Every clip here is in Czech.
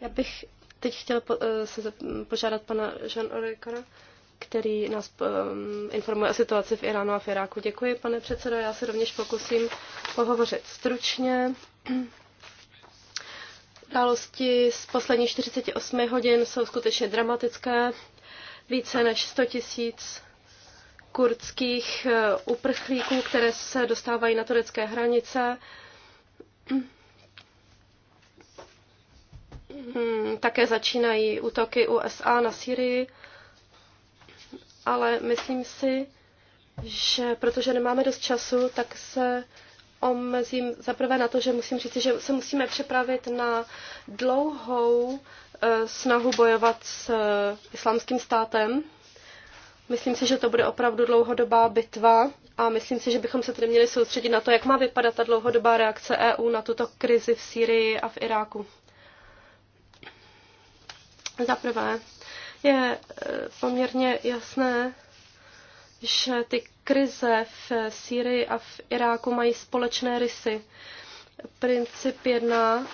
Já bych teď chtěl po, eh, se hm, požádat pana Jean Orekara, který nás hm, informuje o situaci v Iránu a v Iráku. Děkuji, pane předsedo. Já se rovněž pokusím pohovořit stručně. dálosti z posledních 48 hodin jsou skutečně dramatické. Více než 100 tisíc kurdských eh, uprchlíků, které se dostávají na turecké hranice Hmm, také začínají útoky USA na Syrii, ale myslím si, že protože nemáme dost času, tak se omezím zaprvé na to, že musím říct, že se musíme připravit na dlouhou eh, snahu bojovat s eh, islámským státem. Myslím si, že to bude opravdu dlouhodobá bitva a myslím si, že bychom se tedy měli soustředit na to, jak má vypadat ta dlouhodobá reakce EU na tuto krizi v Sýrii a v Iráku. Za prvé, je e, poměrně jasné, že ty krize v Sýrii a v Iráku mají společné rysy. Princip jedna,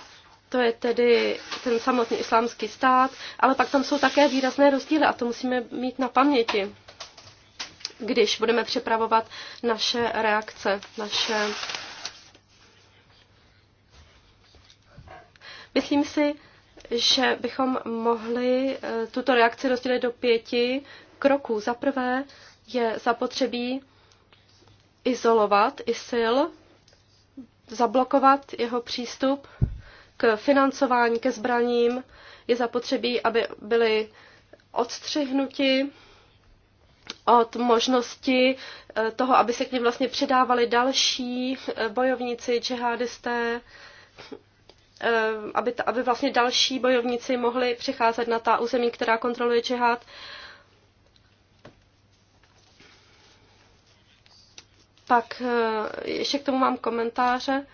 to je tedy ten samotný islámský stát, ale pak tam jsou také výrazné rozdíly a to musíme mít na paměti, když budeme připravovat naše reakce, naše. Myslím si, že bychom mohli eh, tuto reakci rozdělit do pěti kroků. Za prvé je zapotřebí izolovat ISIL, zablokovat jeho přístup k financování, ke zbraním. Je zapotřebí, aby byli odstřihnuti od možnosti eh, toho, aby se k ním vlastně přidávali další eh, bojovníci, džihadisté, Eh, aby, aby vlastně další bojovníci mohli přecházet na ta území, která kontroluje Čehát. Pak eh, ještě k tomu mám komentáře.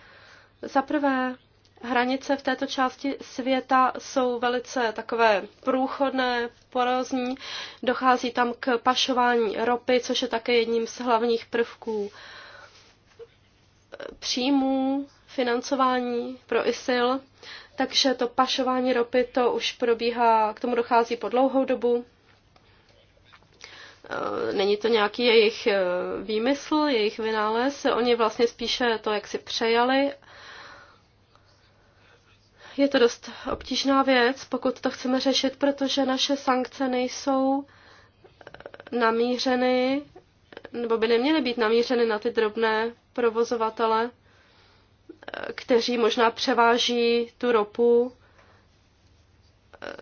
Za prvé, hranice v této části světa jsou velice takové průchodné, porozní. Dochází tam k pašování ropy, což je také jedním z hlavních prvků příjmů financování pro ISIL, takže to pašování ropy to už probíhá, k tomu dochází po dlouhou dobu. Eh, není to nějaký jejich eh, výmysl, jejich vynález, oni vlastně spíše to, jak si přejali. Je to dost obtížná věc, pokud to chceme řešit, protože naše sankce nejsou eh, namířeny, nebo by neměly být namířeny na ty drobné provozovatele kteří možná převáží tu ropu eh,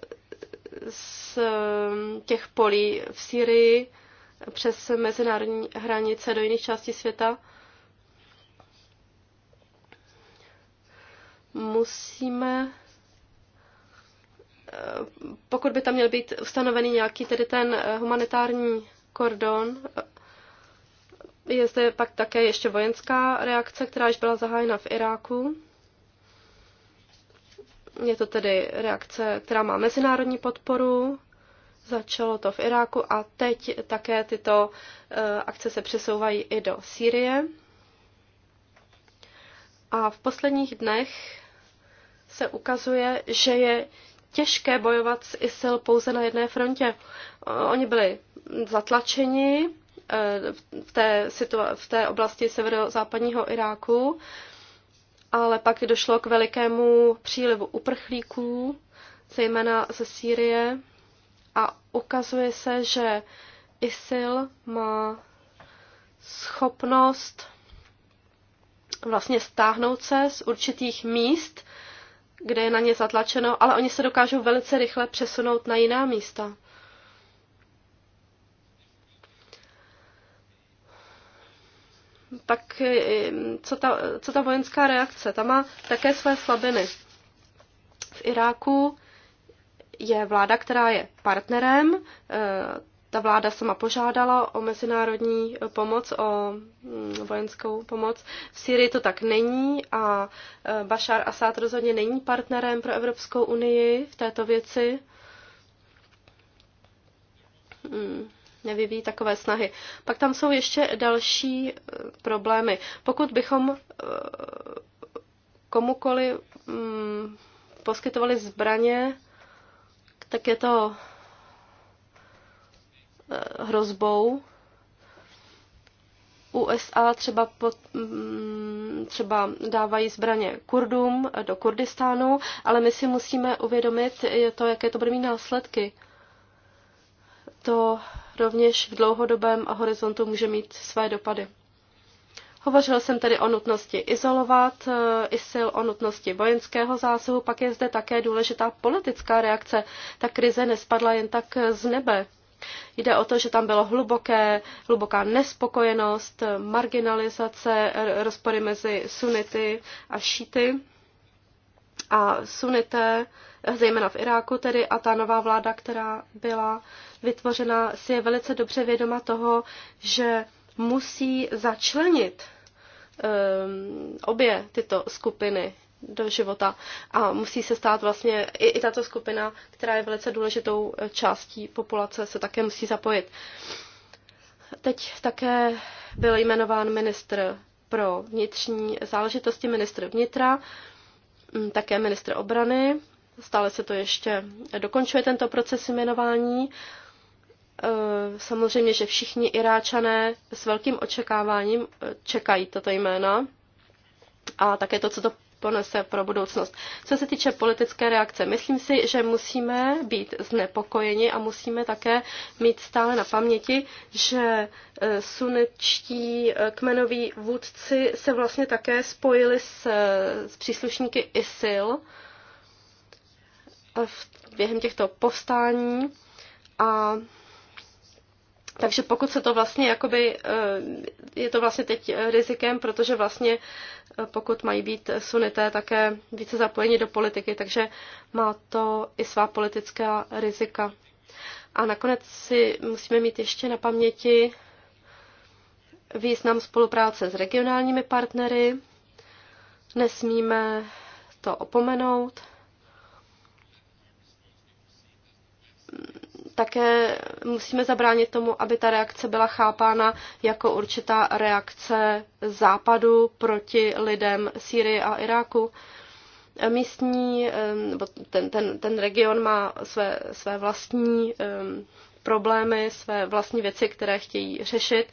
z eh, těch polí v Syrii přes mezinárodní hranice do jiných částí světa. Musíme, eh, pokud by tam měl být ustanovený nějaký tedy ten humanitární kordon, je zde pak také ještě vojenská reakce, která již byla zahájena v Iráku. Je to tedy reakce, která má mezinárodní podporu. Začalo to v Iráku a teď také tyto eh, akce se přesouvají i do Sýrie. A v posledních dnech se ukazuje, že je těžké bojovat s ISIL pouze na jedné frontě. Oni byli zatlačeni, Eh, v té, situa- v té oblasti severozápadního Iráku, ale pak došlo k velikému přílivu uprchlíků, zejména ze Sýrie, a ukazuje se, že ISIL má schopnost vlastně stáhnout se z určitých míst, kde je na ně zatlačeno, ale oni se dokážou velice rychle přesunout na jiná místa. pak eh, co ta, co ta vojenská reakce? Ta má také své slabiny. V Iráku je vláda, která je partnerem. Eh, ta vláda sama požádala o mezinárodní pomoc, o mm, vojenskou pomoc. V Syrii to tak není a eh, Bashar Assad rozhodně není partnerem pro Evropskou unii v této věci. Hmm nevyvíjí takové snahy. Pak tam jsou ještě další e, problémy. Pokud bychom e, komukoli mm, poskytovali zbraně, tak je to e, hrozbou. USA třeba, pod, mm, třeba dávají zbraně Kurdům do Kurdistánu, ale my si musíme uvědomit je to, jaké to bude mít následky to rovněž v dlouhodobém horizontu může mít své dopady. Hovořil jsem tedy o nutnosti izolovat eh, ISIL, o nutnosti vojenského zásahu, pak je zde také důležitá politická reakce. Ta krize nespadla jen tak eh, z nebe. Jde o to, že tam bylo hluboké, hluboká nespokojenost, eh, marginalizace, rozpory mezi sunity a šíty a sunité, zejména v Iráku tedy, a ta nová vláda, která byla vytvořena, si je velice dobře vědoma toho, že musí začlenit um, obě tyto skupiny do života a musí se stát vlastně i, i tato skupina, která je velice důležitou eh, částí populace, se také musí zapojit. Teď také byl jmenován ministr pro vnitřní záležitosti, ministr vnitra. Mm, také ministr obrany. Stále se to ještě dokončuje, tento proces jmenování. E, samozřejmě, že všichni Iráčané s velkým očekáváním e, čekají tato jména a také to, co to ponese pro budoucnost. Co se týče politické reakce, myslím si, že musíme být znepokojeni a musíme také mít stále na paměti, že e, sunečtí e, kmenoví vůdci se vlastně také spojili s, e, s příslušníky ISIL v, během těchto povstání a takže pokud se to vlastně jakoby, eh, je to vlastně teď eh, rizikem, protože vlastně eh, pokud mají být sunité také více zapojeni do politiky, takže má to i svá politická rizika. A nakonec si musíme mít ještě na paměti význam spolupráce s regionálními partnery. Nesmíme to opomenout. také musíme zabránit tomu, aby ta reakce byla chápána jako určitá reakce západu proti lidem Sýrie a Iráku. E, místní, e, ten, ten, ten region má své, své vlastní e, problémy, své vlastní věci, které chtějí řešit.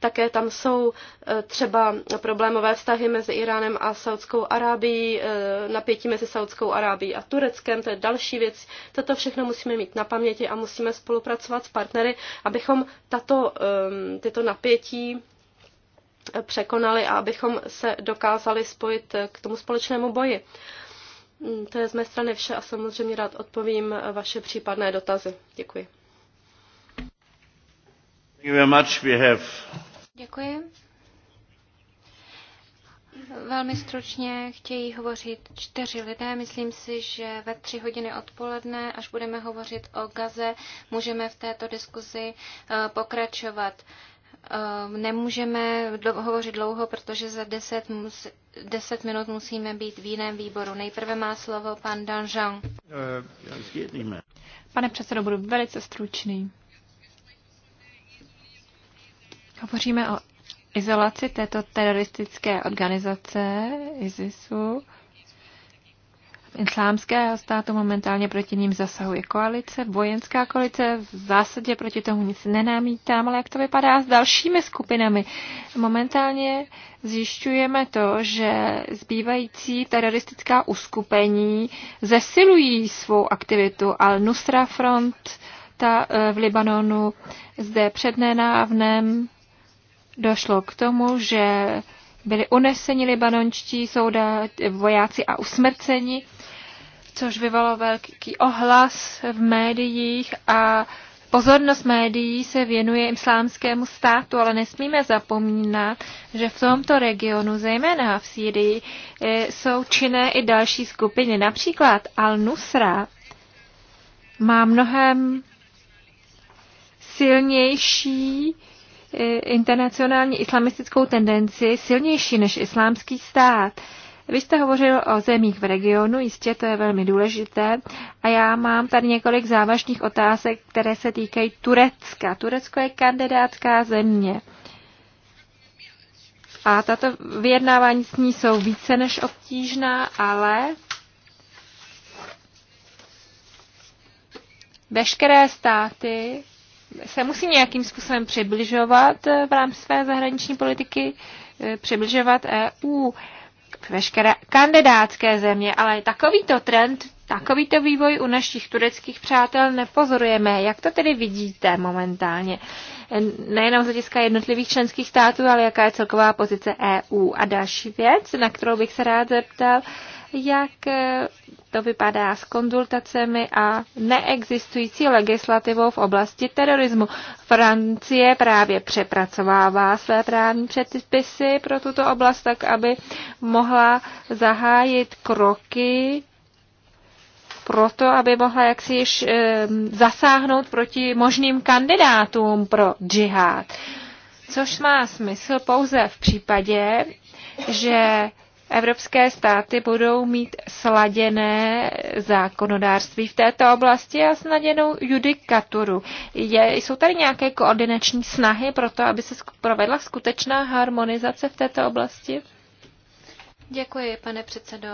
Také tam jsou eh, třeba problémové vztahy mezi Iránem a Saudskou Arábií, eh, napětí mezi Saudskou Arábií a Tureckem, to je další věc. Toto všechno musíme mít na paměti a musíme spolupracovat s partnery, abychom tato, ehm, tyto napětí eh, překonali a abychom se dokázali spojit k tomu společnému boji. Mm, to je z mé strany vše a samozřejmě rád odpovím vaše případné dotazy. Děkuji. Děkuji. Velmi stručně chtějí hovořit čtyři lidé. Myslím si, že ve tři hodiny odpoledne, až budeme hovořit o Gaze, můžeme v této diskuzi eh, pokračovat. Eh, nemůžeme hovořit dlouho, protože za deset, deset minut musíme být v jiném výboru. Nejprve má slovo pan Danjean. Eh, Pane předsedo, budu velice stručný. Hovoříme o izolaci této teroristické organizace ISISu. Islámského státu momentálně proti ním zasahuje koalice, vojenská koalice, v zásadě proti tomu nic nenámítám, ale jak to vypadá s dalšími skupinami? Momentálně zjišťujeme to, že zbývající teroristická uskupení zesilují svou aktivitu, ale Nusra Front ta eh, v Libanonu zde nenávnem došlo k tomu, že byli uneseni libanončtí souda, vojáci a usmrceni, což vyvolalo velký ohlas v médiích a Pozornost médií se věnuje islámskému státu, ale nesmíme zapomínat, že v tomto regionu, zejména v Sýrii, e, jsou činné i další skupiny. Například Al-Nusra má mnohem silnější internacionální islamistickou tendenci silnější než islámský stát. Vy jste hovořil o zemích v regionu, jistě to je velmi důležité. A já mám tady několik závažných otázek, které se týkají Turecka. Turecko je kandidátská země. A tato vyjednávání s ní jsou více než obtížná, ale veškeré státy se musí nějakým způsobem přibližovat eh, v rámci své zahraniční politiky, eh, přibližovat EU veškeré kandidátské země, ale takovýto trend, takovýto vývoj u našich tureckých přátel nepozorujeme. Jak to tedy vidíte momentálně? Eh, nejenom z hlediska jednotlivých členských států, ale jaká je celková pozice EU. A další věc, na kterou bych se rád zeptal, jak to vypadá s konzultacemi a neexistující legislativou v oblasti terorismu. Francie právě přepracovává své právní předpisy pro tuto oblast tak, aby mohla zahájit kroky proto, aby mohla jaksi již e, zasáhnout proti možným kandidátům pro džihad. Což má smysl pouze v případě, že evropské státy budou mít sladěné zákonodárství v této oblasti a snaděnou judikaturu. Je, jsou tady nějaké koordinační snahy pro to, aby se provedla skutečná harmonizace v této oblasti? Děkuji, pane předsedo.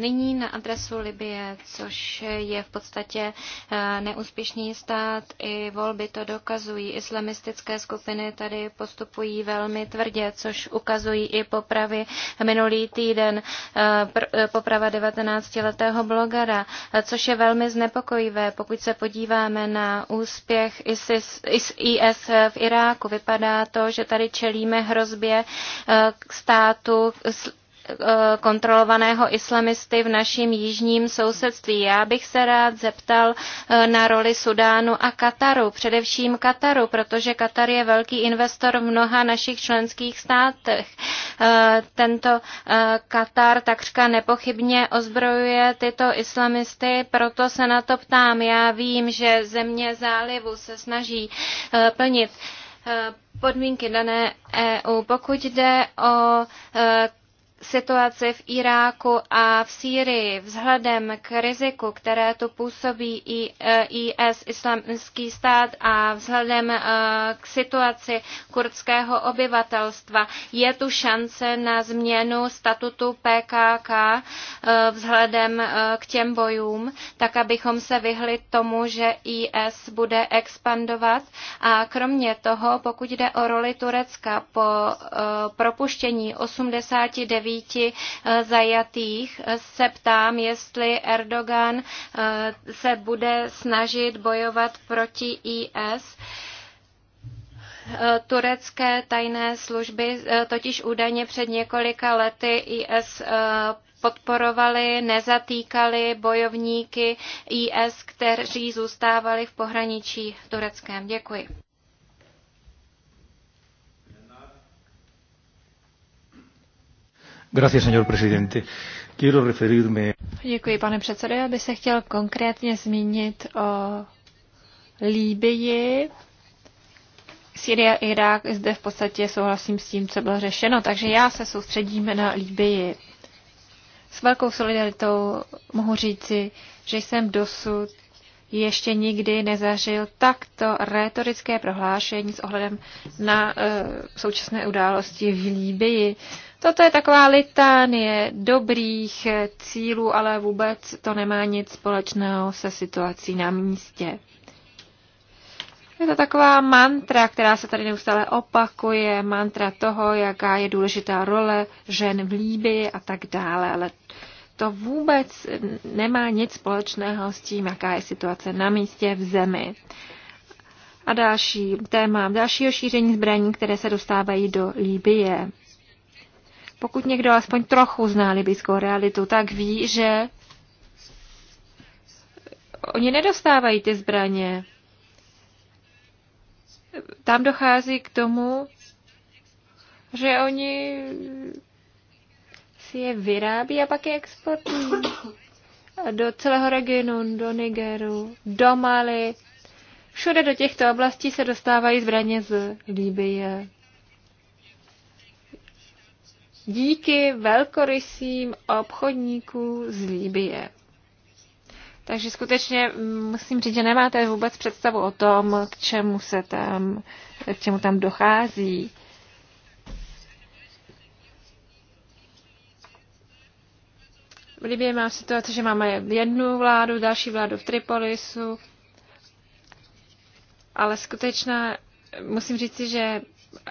Nyní na adresu Libie, což je v podstatě eh, neúspěšný stát, i volby to dokazují. Islamistické skupiny tady postupují velmi tvrdě, což ukazují i popravy minulý týden, eh, eh, poprava 19-letého blogera, což je velmi znepokojivé, pokud se podíváme na úspěch ISIS, IS v Iráku. Vypadá to, že tady čelíme hrozbě k státu, Eh, kontrolovaného islamisty v našem jižním sousedství. Já bych se rád zeptal eh, na roli Sudánu a Kataru, především Kataru, protože Katar je velký investor v mnoha našich členských státech. Eh, tento Katar takřka nepochybně ozbrojuje tyto islamisty, proto se na to ptám. Já vím, že země zálivu se snaží plnit podmínky dané EU. Pokud jde o situaci v Iráku a v Sýrii vzhledem k riziku, které tu působí IS, eh, islamský stát a vzhledem eh, k situaci kurdského obyvatelstva, je tu šance na změnu statutu PKK eh, vzhledem k těm bojům, tak abychom se vyhli tomu, že IS bude expandovat. A kromě toho, pokud jde o roli Turecka po propuštění 89 devíti eh, zajatých, se ptám, jestli Erdogan eh, se bude snažit bojovat proti IS. Eh, turecké tajné služby totiž údajně před několika lety IS podporovali, nezatýkali bojovníky IS, kteří zůstávali v pohraničí tureckém. Děkuji. Gracias, señor presidente. Quiero referirme... Děkuji, pane předsedo. Já bych se chtěl konkrétně zmínit o Líbii. Syrie a Irák zde v podstatě souhlasím s tím, co bylo řešeno, takže já se soustředím na Líbii. S velkou solidaritou mohu říci, že jsem dosud ještě nikdy nezažil takto rétorické prohlášení s ohledem na e, současné události v Líbii. Toto je taková litánie dobrých cílů, ale vůbec to nemá nic společného se situací na místě. Je to taková mantra, která se tady neustále opakuje, mantra toho, jaká je důležitá role žen v Líbii a tak dále, ale to vůbec nemá nic společného s tím, jaká je situace na místě v zemi. A další téma, dalšího šíření zbraní, které se dostávají do Líbie. Pokud někdo alespoň trochu zná libyskou realitu, tak ví, že oni nedostávají ty zbraně. Tam dochází k tomu, že oni si je vyrábí a pak je exportují do celého regionu, do Nigeru, do Mali. Všude do těchto oblastí se dostávají zbraně z Líbie díky velkorysým obchodníků z Líbie. Takže skutečně mm, musím říct, že nemáte vůbec představu o tom, k čemu se tam, k čemu tam dochází. V Libě má situaci, že máme jednu vládu, další vládu v Tripolisu, ale skutečně musím říct, že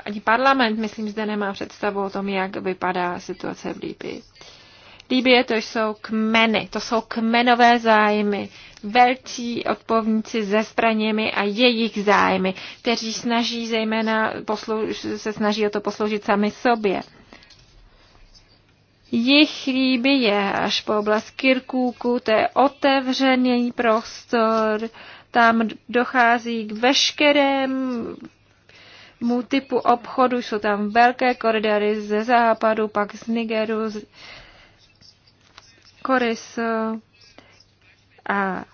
ani parlament, myslím, zde nemá představu o tom, jak vypadá situace v Líbii. Líbie to jsou kmeny, to jsou kmenové zájmy, velcí odpovníci ze zbraněmi a jejich zájmy, kteří snaží zejména se snaží o to posloužit sami sobě. Jich je až po oblast Kirkůku, to je otevřený prostor, tam dochází k veškerém mu typu obchodu. Jsou tam velké koridory ze západu, pak z Nigeru, z Korisu eh, a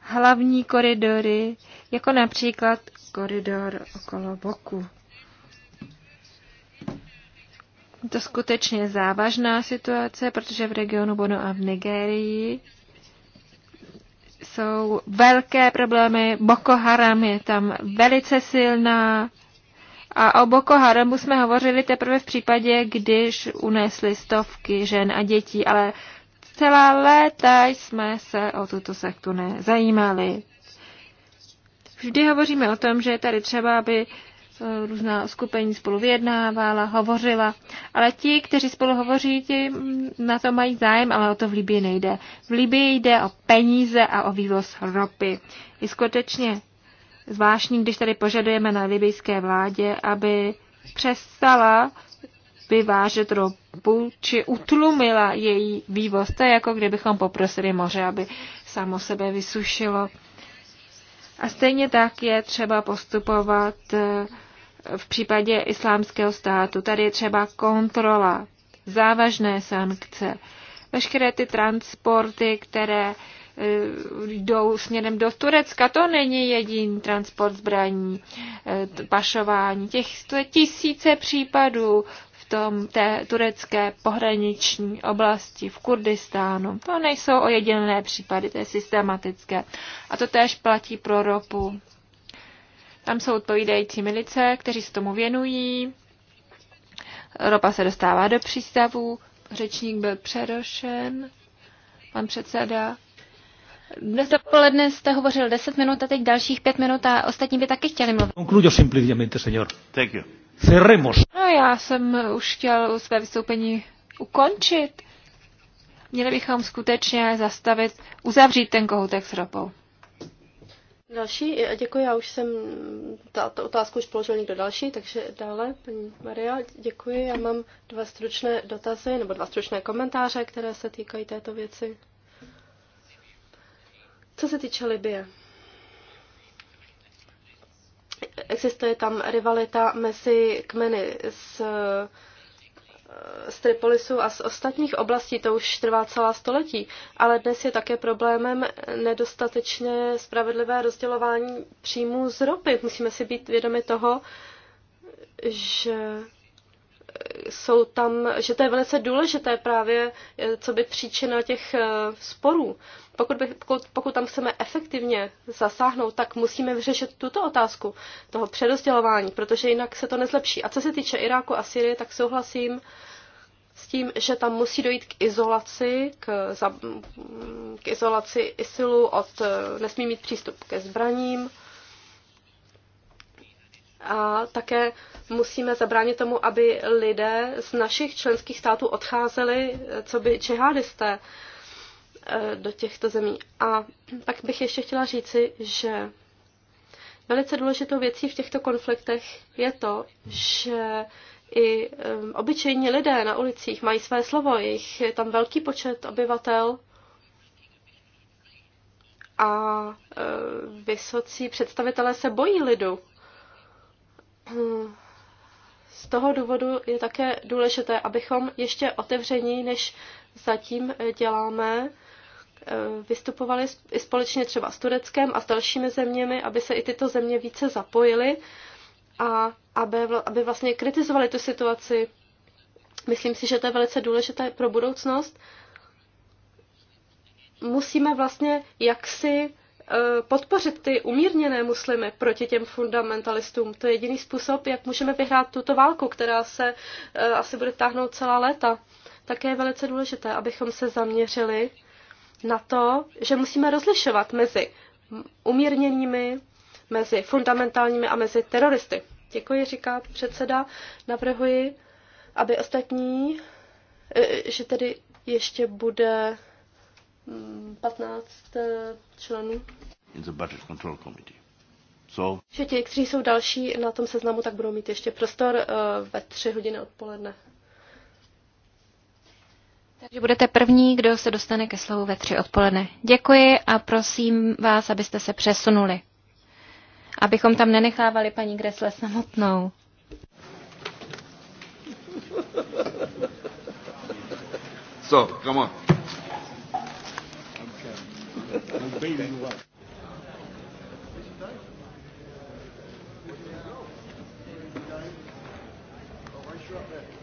hlavní koridory, jako například koridor okolo boku. Je to skutečně závažná situace, protože v regionu Bono a v Nigerii, jsou velké problémy. Boko Haram je tam velice silná a o Boko Haramu jsme hovořili teprve v případě, když unesli stovky žen a dětí, ale celá léta jsme se o tuto sektu nezajímali. Vždy hovoříme o tom, že je tady třeba, aby eh, různá skupení spolu vyjednávala, hovořila. Ale ti, kteří spolu hovoří, ti mm, na to mají zájem, ale o to v Libii nejde. V Libii jde o peníze a o vývoz ropy. I skutečně zvláštní, když tady požadujeme na libijské vládě, aby přestala vyvážet ropu, či utlumila její vývoz. To je jako kdybychom poprosili moře, aby samo sebe vysušilo. A stejně tak je třeba postupovat eh, v případě islámského státu. Tady je třeba kontrola, závažné sankce, veškeré ty transporty, které Eh, jdou směrem do Turecka. To není jediný transport zbraní, eh, pašování. Těch tisíce případů v tom té turecké pohraniční oblasti v Kurdistánu. To nejsou jediné případy, to je systematické. A to též platí pro ropu. Tam jsou odpovídající milice, kteří se tomu věnují. Ropa se dostává do přístavu, Řečník byl přerošen. Pan předseda. Dnes dopoledne jste hovořil 10 minut a teď dalších 5 minut a ostatní by taky chtěli mluvit. Concluyo simplemente, señor. Thank you. Cerremos. No, já jsem už chtěl své vystoupení ukončit. Měli bychom skutečně zastavit, uzavřít ten kohoutek s ropou. Další, děkuji, já už jsem, tato otázku už položil někdo další, takže dále, paní Maria, děkuji, já mám dva stručné dotazy, nebo dva stručné komentáře, které se týkají této věci. Co se týče Libie, existuje tam rivalita mezi kmeny z, z Tripolisu a z ostatních oblastí, to už trvá celá století, ale dnes je také problémem nedostatečně spravedlivé rozdělování příjmů z ropy. Musíme si být vědomi toho, že jsou tam, že to je velice důležité právě, eh, co by příčina těch eh, sporů. Pokud, by, pokud, pokud tam chceme efektivně zasáhnout, tak musíme vyřešit tuto otázku toho předozdělování, protože jinak se to nezlepší. A co se týče Iráku a Syrie, tak souhlasím s tím, že tam musí dojít k izolaci, k, za, k izolaci ISILu od eh, nesmí mít přístup ke zbraním, a také musíme zabránit tomu, aby lidé z našich členských států odcházeli, co by čehádisté eh, do těchto zemí. A pak bych ještě chtěla říci, že velice důležitou věcí v těchto konfliktech je to, že i eh, obyčejní lidé na ulicích mají své slovo, jejich je tam velký počet obyvatel a eh, vysocí představitelé se bojí lidu z toho důvodu je také důležité, abychom ještě otevření, než zatím eh, děláme, eh, vystupovali i společně třeba s Tureckem a s dalšími zeměmi, aby se i tyto země více zapojily a aby, aby vlastně kritizovali tu situaci. Myslím si, že to je velice důležité pro budoucnost. Musíme vlastně jaksi Eh, podpořit ty umírněné muslimy proti těm fundamentalistům. To je jediný způsob, jak můžeme vyhrát tuto válku, která se eh, asi bude táhnout celá léta. Také je velice důležité, abychom se zaměřili na to, že musíme rozlišovat mezi umírněnými, mezi fundamentálními a mezi teroristy. Děkuji, říká předseda. Navrhuji, aby ostatní, eh, že tedy ještě bude 15 eh, členů. In the budget control committee. So. Že ti, kteří jsou další na tom seznamu, tak budou mít ještě prostor uh, ve tři hodiny odpoledne. Takže budete první, kdo se dostane ke slovu ve tři odpoledne. Děkuji a prosím vás, abyste se přesunuli. Abychom tam nenechávali paní Gresle samotnou. So, come on. Thank you.